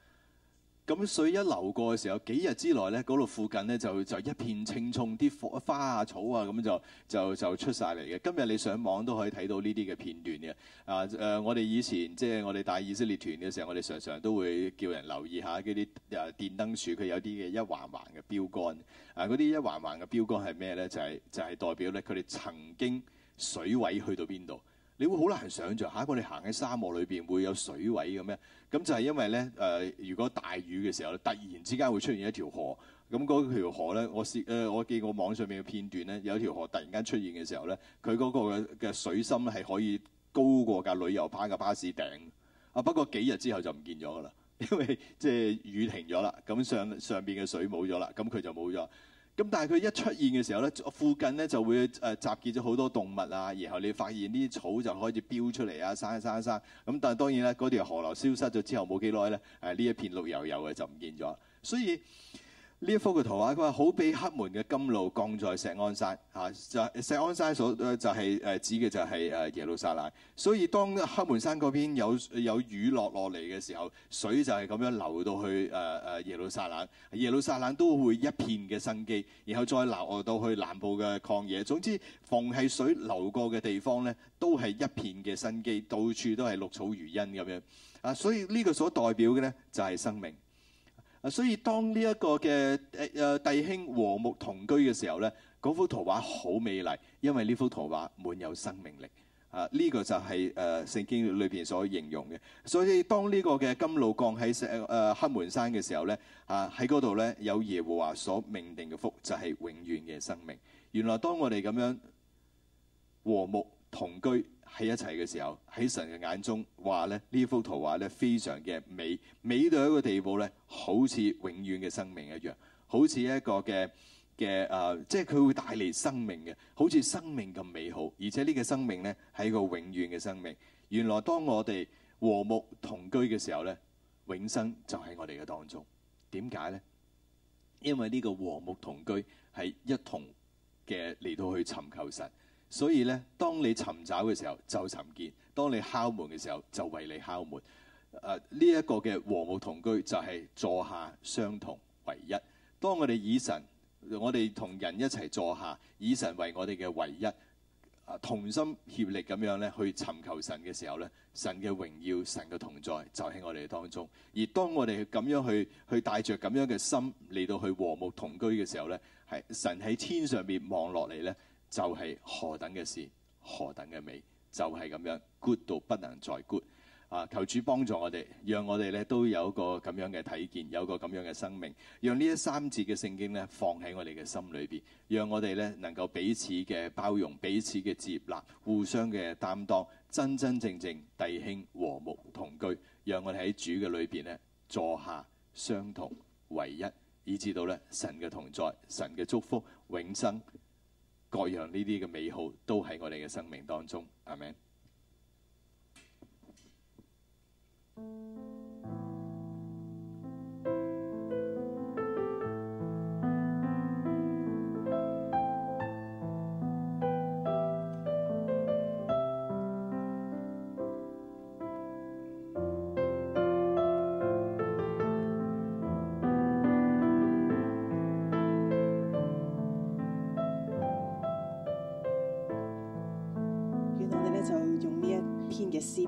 咁水、嗯、一流過嘅時候，幾日之內咧，嗰度附近咧就就一片青蔥，啲花啊草啊咁就就就出晒嚟嘅。今日你上網都可以睇到呢啲嘅片段嘅。啊誒、呃，我哋以前即係我哋帶以色列團嘅時候，我哋常常都會叫人留意下嗰啲誒電燈柱，佢有啲嘅一環環嘅標杆。啊，嗰啲一環環嘅標杆係咩咧？就係、是、就係、是、代表咧，佢哋曾經水位去到邊度。你會好難想像下一個你行喺沙漠裏邊會有水位嘅咩？咁就係因為咧誒、呃，如果大雨嘅時候，突然之間會出現一條河。咁嗰條河咧，我視誒、呃、我見過網上面嘅片段咧，有一條河突然間出現嘅時候咧，佢嗰個嘅水深係可以高過架旅遊巴嘅巴士頂。啊，不過幾日之後就唔見咗㗎啦，因為即係雨停咗啦，咁上上邊嘅水冇咗啦，咁佢就冇咗。咁但係佢一出現嘅時候咧，附近咧就會誒、呃、集結咗好多動物啊，然後你發現呢啲草就開始飆出嚟啊，生生生！咁但係當然咧，嗰條河流消失咗之後冇幾耐咧，誒、啊、呢一片綠油油嘅就唔見咗，所以。呢一幅嘅圖啊，佢話好比黑門嘅甘露降在錫安山，嚇、啊、就錫安山所就係誒指嘅就係誒耶路撒冷。所以當黑門山嗰邊有有雨落落嚟嘅時候，水就係咁樣流到去誒誒、啊、耶路撒冷，耶路撒冷都會一片嘅生機，然後再流到去南部嘅曠野。總之，逢係水流過嘅地方咧，都係一片嘅生機，到處都係綠草如茵咁樣。啊，所以呢個所代表嘅咧，就係、是、生命。啊！所以當呢一個嘅誒誒弟兄和睦同居嘅時候咧，嗰幅圖畫好美麗，因為呢幅圖畫滿有生命力啊。呢個就係誒聖經裏邊所形容嘅。所以當呢個嘅甘露降喺誒誒黑門山嘅時候咧，啊喺嗰度咧有耶和華所命定嘅福，就係永遠嘅生命。原來當我哋咁樣和睦同居，喺一齊嘅時候，喺神嘅眼中話咧，呢幅圖畫咧非常嘅美，美到一個地步咧，好似永遠嘅生命一樣，好似一個嘅嘅誒，即係佢會帶嚟生命嘅，好似生命咁美好，而且呢個生命咧係一個永遠嘅生命。原來當我哋和睦同居嘅時候咧，永生就喺我哋嘅當中。點解咧？因為呢個和睦同居係一同嘅嚟到去尋求神。所以咧，當你尋找嘅時候就尋見；當你敲門嘅時候就為你敲門。誒、啊，呢、這、一個嘅和睦同居就係坐下相同唯一。當我哋以神，我哋同人一齊坐下，以神為我哋嘅唯一，啊，同心協力咁樣咧去尋求神嘅時候咧，神嘅榮耀、神嘅同在就喺我哋當中。而當我哋咁樣去去帶着咁樣嘅心嚟到去和睦同居嘅時候咧，係神喺天上面望落嚟咧。就係何等嘅事，何等嘅美，就係、是、咁樣 good 到不能再 good、啊、求主幫助我哋，讓我哋咧都有個咁樣嘅體驗，有個咁樣嘅生命，讓呢一三節嘅聖經咧放喺我哋嘅心裡邊，讓我哋咧能夠彼此嘅包容，彼此嘅接納，互相嘅擔當，真真正正弟兄和睦同居，讓我哋喺主嘅裏邊咧坐下相同為一，以致到咧神嘅同在，神嘅祝福永生。各樣呢啲嘅美好都喺我哋嘅生命當中，係咪？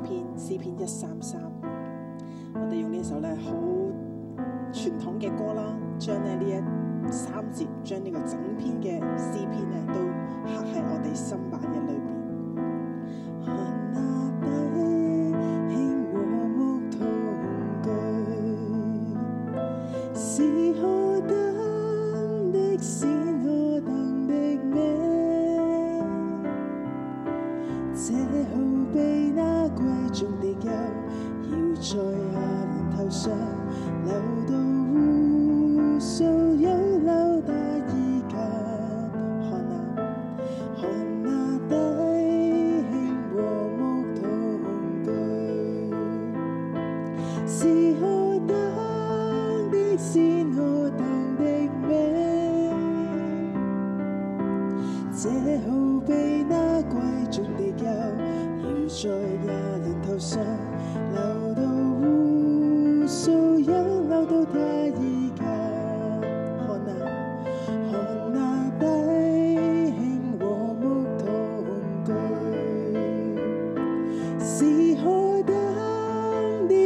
篇詩篇一三三，我哋用呢首咧好傳統嘅歌啦，將咧呢一三節將呢個整。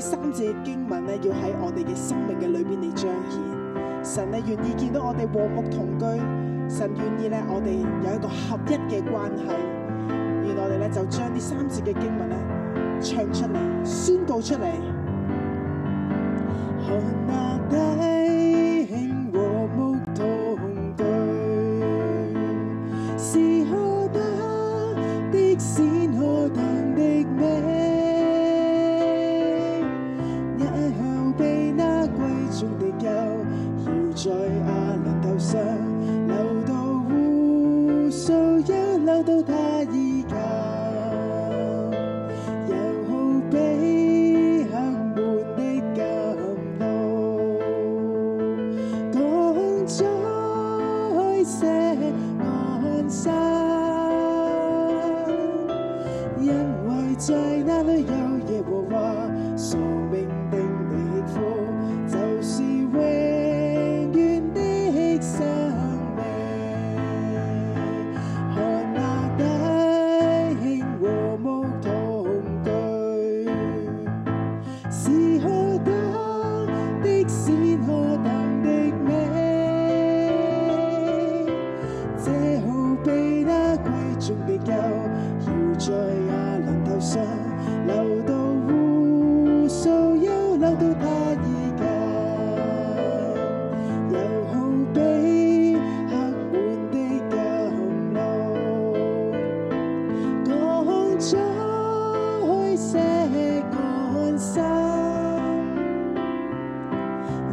三字嘅經文咧，要喺我哋嘅生命嘅裏邊嚟彰顯。神呢願意見到我哋和睦同居，神願意咧，我哋有一個合一嘅關係。而我哋咧，就將啲三字嘅經文咧，唱出嚟，宣告出嚟。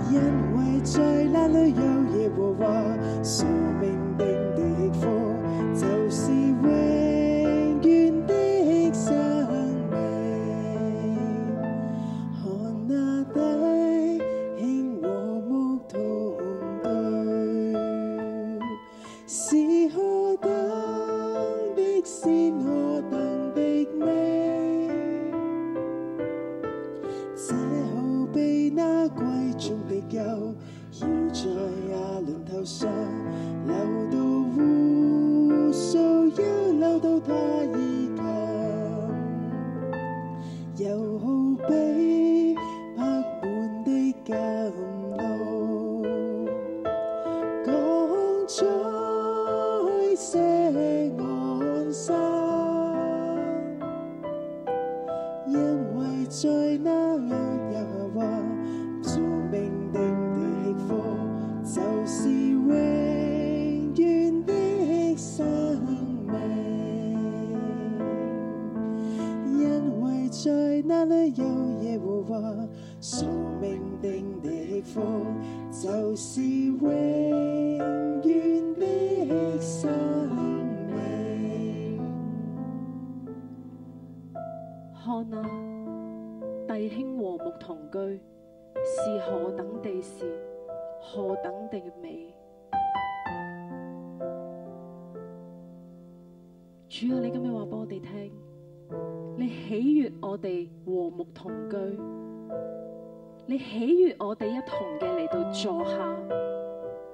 因為在那裏有耶和華，所命定。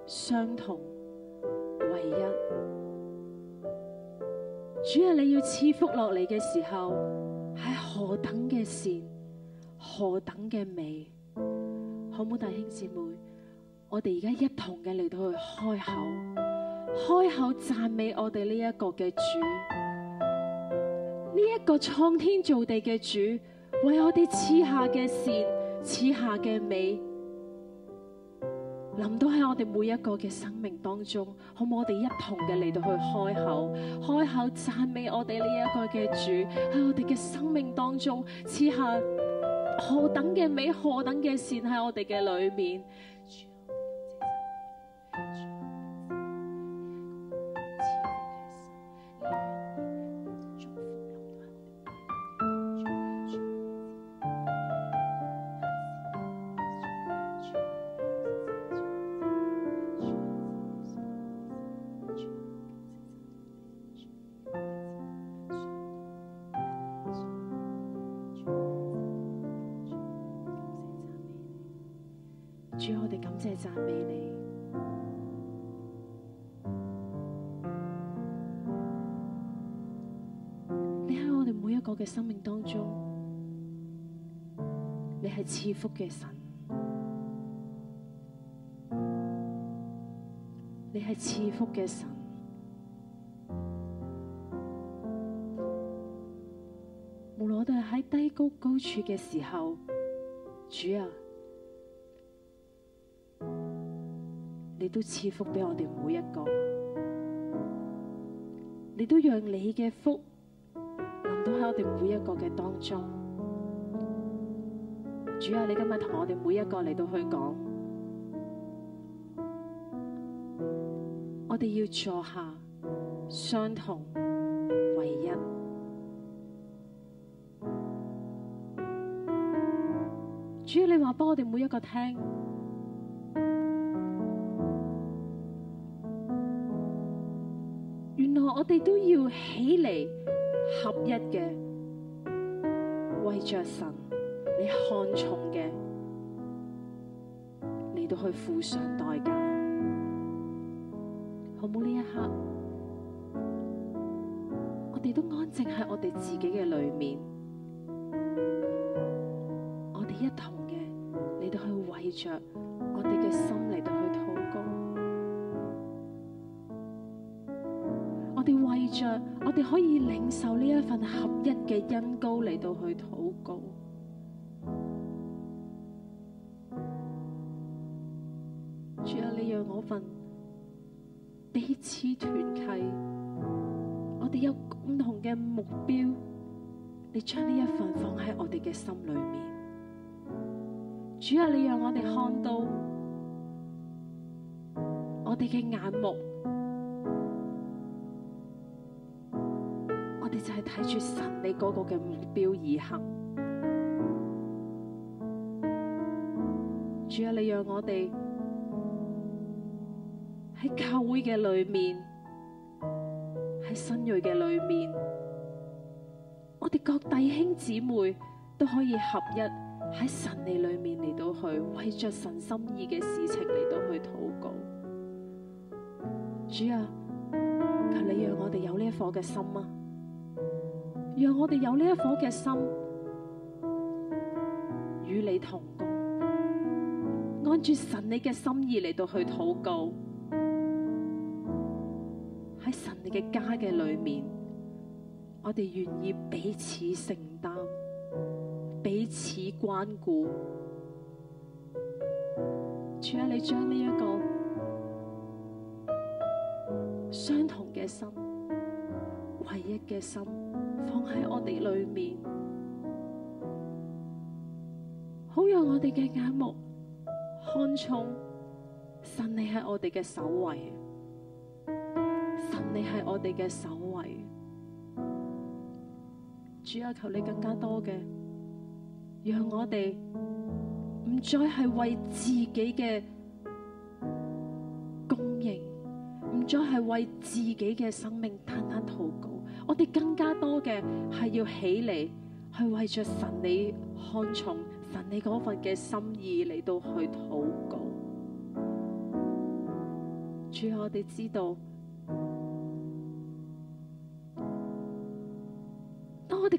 相同，唯一，主係你要賜福落嚟嘅時候，係何等嘅善，何等嘅美，好唔好，弟兄姊妹？我哋而家一同嘅嚟到去開口，開口讚美我哋呢一個嘅主，呢、這、一個創天造地嘅主，為我哋賜下嘅善，賜下嘅美。臨到喺我哋每一個嘅生命當中，可唔可以我哋一同嘅嚟到去開口，開口讚美我哋呢一個嘅主，喺我哋嘅生命當中賜下何等嘅美，何等嘅善喺我哋嘅裏面。福嘅神，你係賜福嘅神。無論我哋喺低谷高、高處嘅時候，主啊，你都賜福俾我哋每一個，你都讓你嘅福，臨到喺我哋每一個嘅當中。主啊，你今日同我哋每一個嚟到去講，我哋要坐下相同唯一。主啊，你話幫我哋每一個聽，原來我哋都要起嚟合一嘅，為着神。你看重嘅嚟到去付上代價，好冇，呢一刻，我哋都安靜喺我哋自己嘅裏面，我哋一同嘅嚟到去為着我哋嘅心嚟到去禱告，我哋為着我哋可以領受呢一份合一嘅恩膏嚟到去禱告。你讓我份彼此團契，我哋有共同嘅目標，你將呢一份放喺我哋嘅心裏面。主啊，你讓我哋看到我哋嘅眼目，我哋就係睇住神你嗰個嘅目標而行。主啊，你讓我哋。喺教會嘅裏面，喺新銳嘅裏面，我哋各弟兄姊妹都可以合一喺神你裏面嚟到去為着神心意嘅事情嚟到去禱告。主啊，求你讓我哋有呢一顆嘅心啊，讓我哋有呢一顆嘅心，與你同工，按住神你嘅心意嚟到去禱告。喺神你嘅家嘅裏面，我哋願意彼此承擔、彼此關顧。主啊，你將呢一個相同嘅心、唯一嘅心，放喺我哋裏面，好讓我哋嘅眼目看重神你喺我哋嘅首位。你係我哋嘅守衛，主要求你更加多嘅，讓我哋唔再係為自己嘅供應，唔再係為自己嘅生命單單禱告，我哋更加多嘅係要起嚟去為着神你看重神你嗰份嘅心意嚟到去禱告，主要我哋知道。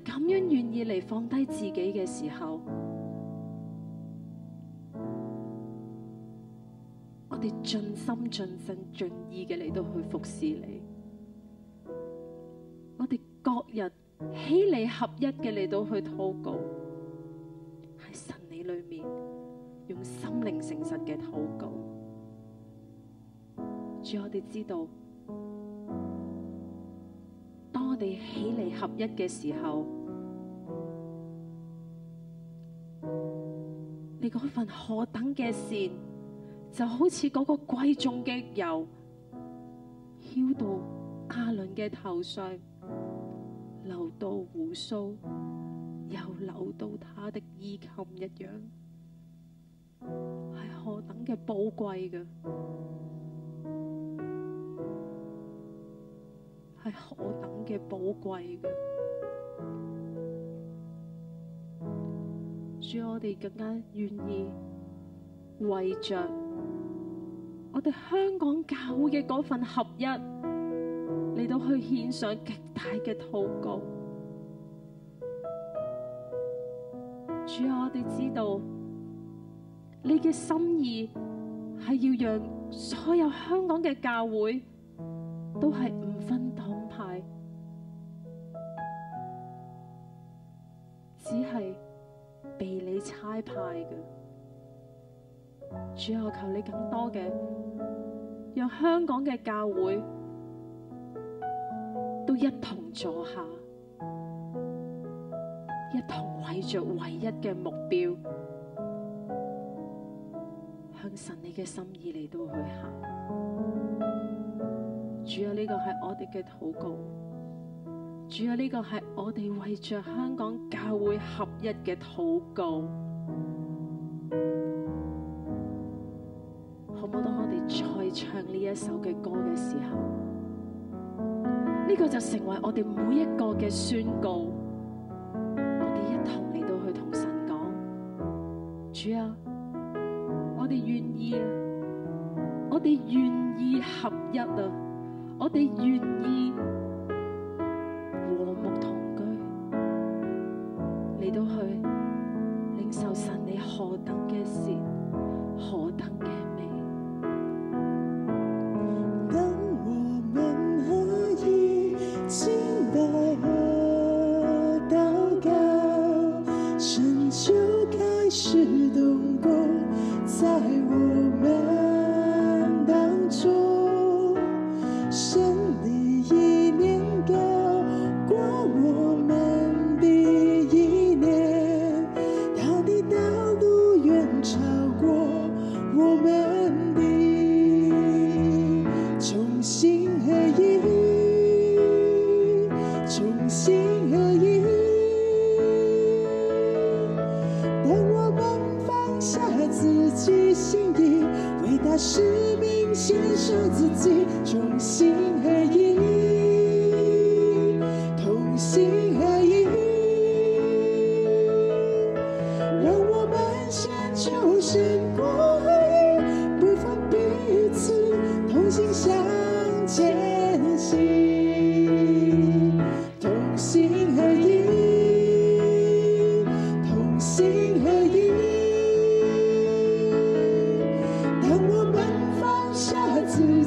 咁樣願意嚟放低自己嘅時候，我哋盡心盡心、盡意嘅嚟到去服侍你。我哋各人起嚟合一嘅嚟到去禱告，喺神你裏面，用心靈誠實嘅禱告，主我哋知道，當我哋起嚟合一嘅時候。你嗰份何等嘅善，就好似嗰個貴重嘅油，澆到亞倫嘅頭上，流到鬍鬚，又流到他的衣襟一樣，係何等嘅寶貴嘅，係何等嘅寶貴嘅。主要我哋更加願意為着我哋香港教會嘅嗰份合一嚟到去獻上極大嘅禱告。主要我哋知道你嘅心意係要讓所有香港嘅教會都係唔分黨派，只係。差派嘅主啊，求你更多嘅，讓香港嘅教會都一同坐下，一同為着唯一嘅目標，向神你嘅心意你都去行。主啊，呢個係我哋嘅禱告。主啊，呢個係我哋為着香港教會合。一嘅禱告，好唔好？當我哋再唱呢一首嘅歌嘅時候，呢個就成為我哋每一個嘅宣告。我哋一同嚟到去同神講：主啊，我哋願意啊，我哋願意合一啊，我哋願意。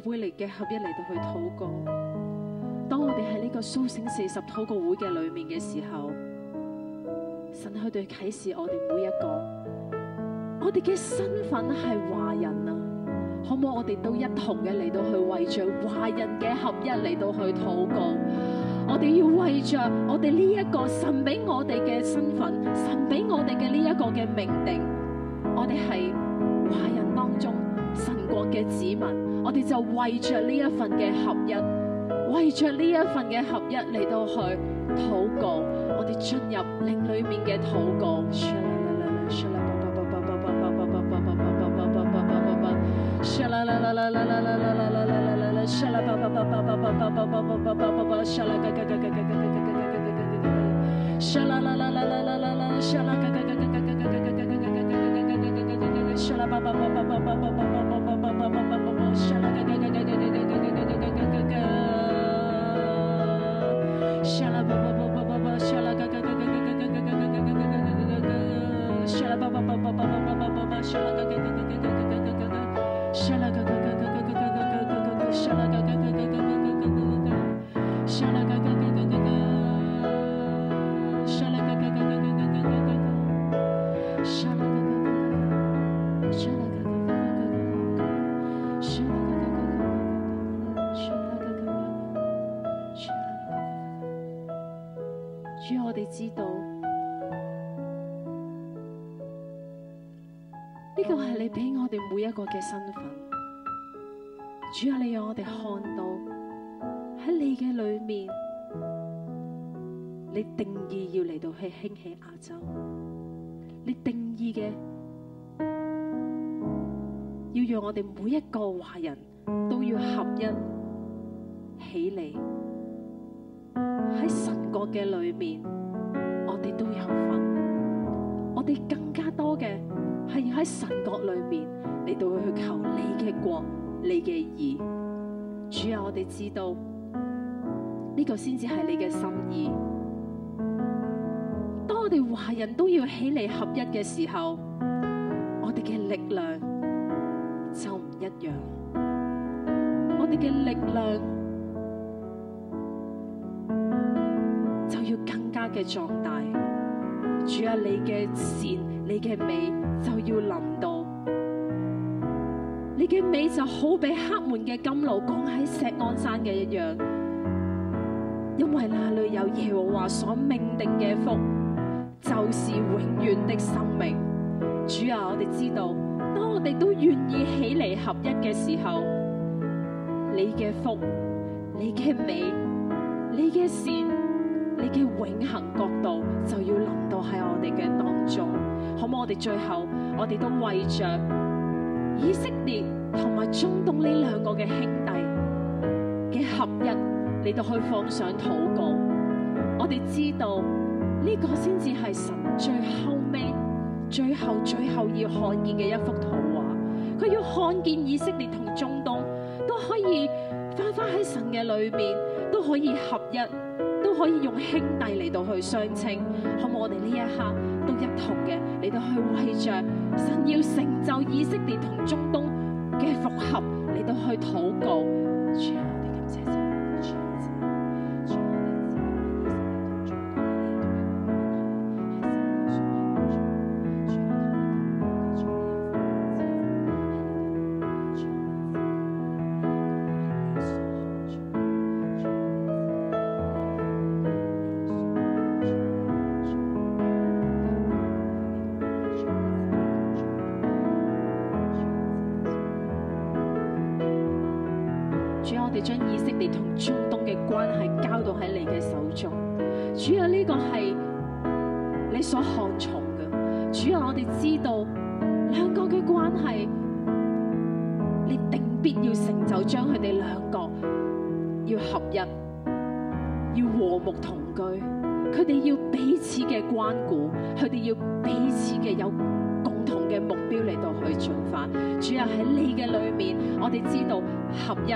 會力嘅合一嚟到去禱告。當我哋喺呢個蘇醒四十禱告會嘅裏面嘅時候，神去對啟示我哋每一個，我哋嘅身份係華人啊！可唔可以？我哋都一同嘅嚟到去為着華人嘅合一嚟到去禱告。我哋要為着我哋呢一個神俾我哋嘅身份，神俾我哋嘅呢一個嘅命定，我哋係華人當中神國嘅子民。我哋就為着呢一份嘅合一，為着呢一份嘅合一嚟到去禱告。我哋進入靈裏面嘅禱告。知道呢個係你畀我哋每一個嘅身份，主要你讓我哋看到喺你嘅裏面，你定義要嚟到去興起亞洲，你定義嘅要讓我哋每一個華人都要合一起嚟喺神國嘅裏面。都有份，我哋更加多嘅係要喺神國裏面嚟，到去求你嘅國，你嘅義。主啊，我哋知道呢個先至係你嘅心意。當我哋華人都要起嚟合一嘅時候，我哋嘅力量就唔一樣，我哋嘅力量。家嘅壯大，主啊，你嘅善、你嘅美就要臨到，你嘅美就好比黑門嘅甘露降喺錫安山嘅一樣，因為那裏有耶和華所命定嘅福，就是永遠的生命。主啊，我哋知道，當我哋都願意起嚟合一嘅時候，你嘅福、你嘅美、你嘅善。你嘅永恆國度就要臨到喺我哋嘅當中，好唔好？我哋最後，我哋都為着以色列同埋中東呢兩個嘅兄弟嘅合一你都可以放上禱告。我哋知道呢個先至係神最後尾、最後、最後要看見嘅一幅圖畫。佢要看見以色列同中東都可以翻翻喺神嘅裏面，都可以合一。可以用兄弟嚟到去相稱，可唔可以我哋呢一刻都一同嘅嚟到去為着神要成就以色列同中東嘅復合嚟到去禱告。主，我哋將以色列同中東嘅關係交到喺你嘅手中。主啊，呢個係你所看重嘅。主啊，我哋知道兩國嘅關係，你定必要成就將佢哋兩個要合一，要和睦同居。佢哋要彼此嘅關顧，佢哋要彼此嘅有共同嘅目標嚟到去進化。主啊，喺你嘅裏面，我哋知道合一，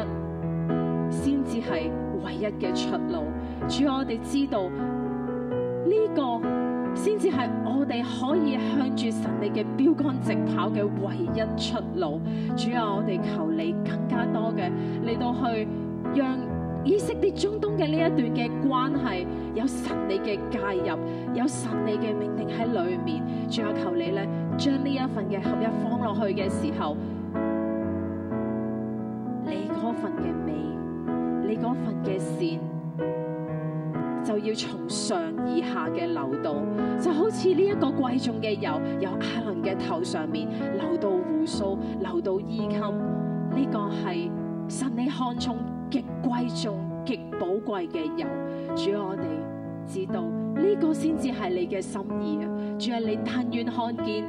先至係唯一嘅出路。主，要我哋知道呢個先至係我哋可以向住神你嘅標杆直跑嘅唯一出路。主，要我哋求你更加多嘅，嚟到去，讓以色列中東嘅呢一段嘅關係有神你嘅介入，有神你嘅命令喺裏面。主，要求你咧，將呢一份嘅合一放落去嘅時候。分嘅善就要從上而下嘅流到，就好似呢一個貴重嘅油，由阿倫嘅頭上面流到鬍鬚，流到衣襟，呢、這個係神你看重極貴重、極寶貴嘅油。主我哋知道呢、這個先至係你嘅心意啊！主啊，你但願看見，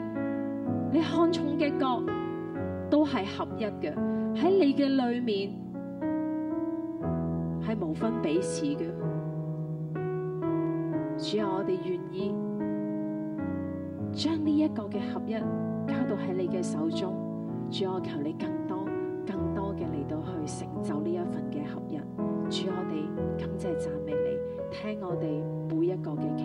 你看重嘅角都係合一嘅喺你嘅裏面。係無分彼此嘅，主啊，我哋願意將呢一個嘅合一交到喺你嘅手中，主我求你更多、更多嘅嚟到去成就呢一份嘅合一，主我哋感謝讚美你，聽我哋每一個嘅。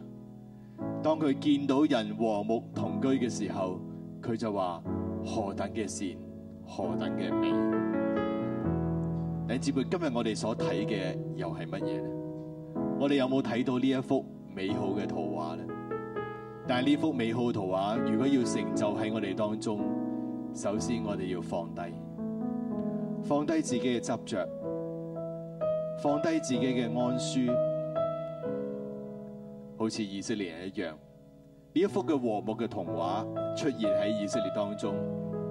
當佢見到人和睦同居嘅時候，佢就話：何等嘅善，何等嘅美！弟兄姊妹，今日我哋所睇嘅又係乜嘢咧？我哋有冇睇到呢一幅美好嘅圖畫咧？但係呢幅美好嘅圖畫，如果要成就喺我哋當中，首先我哋要放低，放低自己嘅執着，放低自己嘅安舒。好似以色列人一樣，呢一幅嘅和睦嘅圖畫出現喺以色列當中，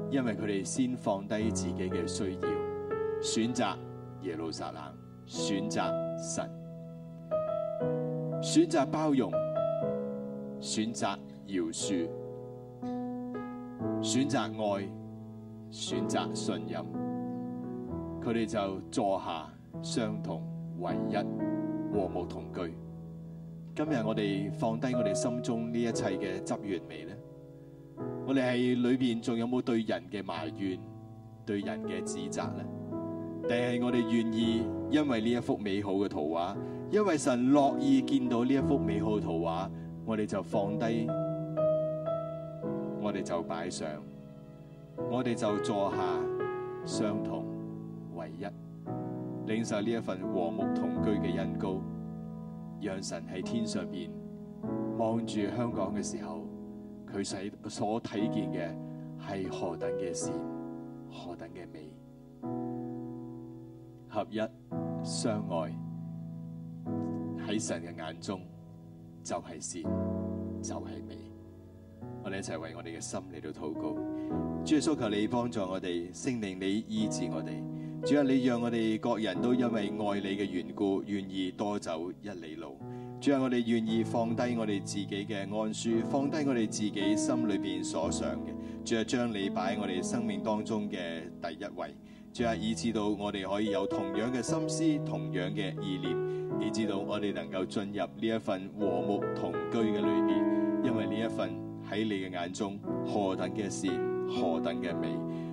因為佢哋先放低自己嘅需要，選擇耶路撒冷，選擇神，選擇包容，選擇饒恕，選擇愛，選擇信任，佢哋就坐下相同，唯一和睦同居。今日我哋放低我哋心中呢一切嘅執怨未咧？我哋係裏邊仲有冇對人嘅埋怨、對人嘅指責咧？定係我哋願意因為呢一幅美好嘅圖畫，因為神樂意見到呢一幅美好嘅圖畫，我哋就放低，我哋就擺上，我哋就坐下，相同唯一領受呢一份和睦同居嘅恩膏。讓神喺天上邊望住香港嘅時候，佢使所睇見嘅係何等嘅善，何等嘅美，合一相愛喺神嘅眼中就係善，就係美。我哋一齊為我哋嘅心嚟到禱告。主耶穌求你幫助我哋，聖靈你醫治我哋。主啊，你讓我哋各人都因為愛你嘅緣故，願意多走一里路。主啊，我哋願意放低我哋自己嘅安舒，放低我哋自己心裏邊所想嘅。主啊，將你擺喺我哋生命當中嘅第一位。主啊，以致到我哋可以有同樣嘅心思、同樣嘅意念，以致到我哋能夠進入呢一份和睦同居嘅裏面。因為呢一份喺你嘅眼中何等嘅善，何等嘅美。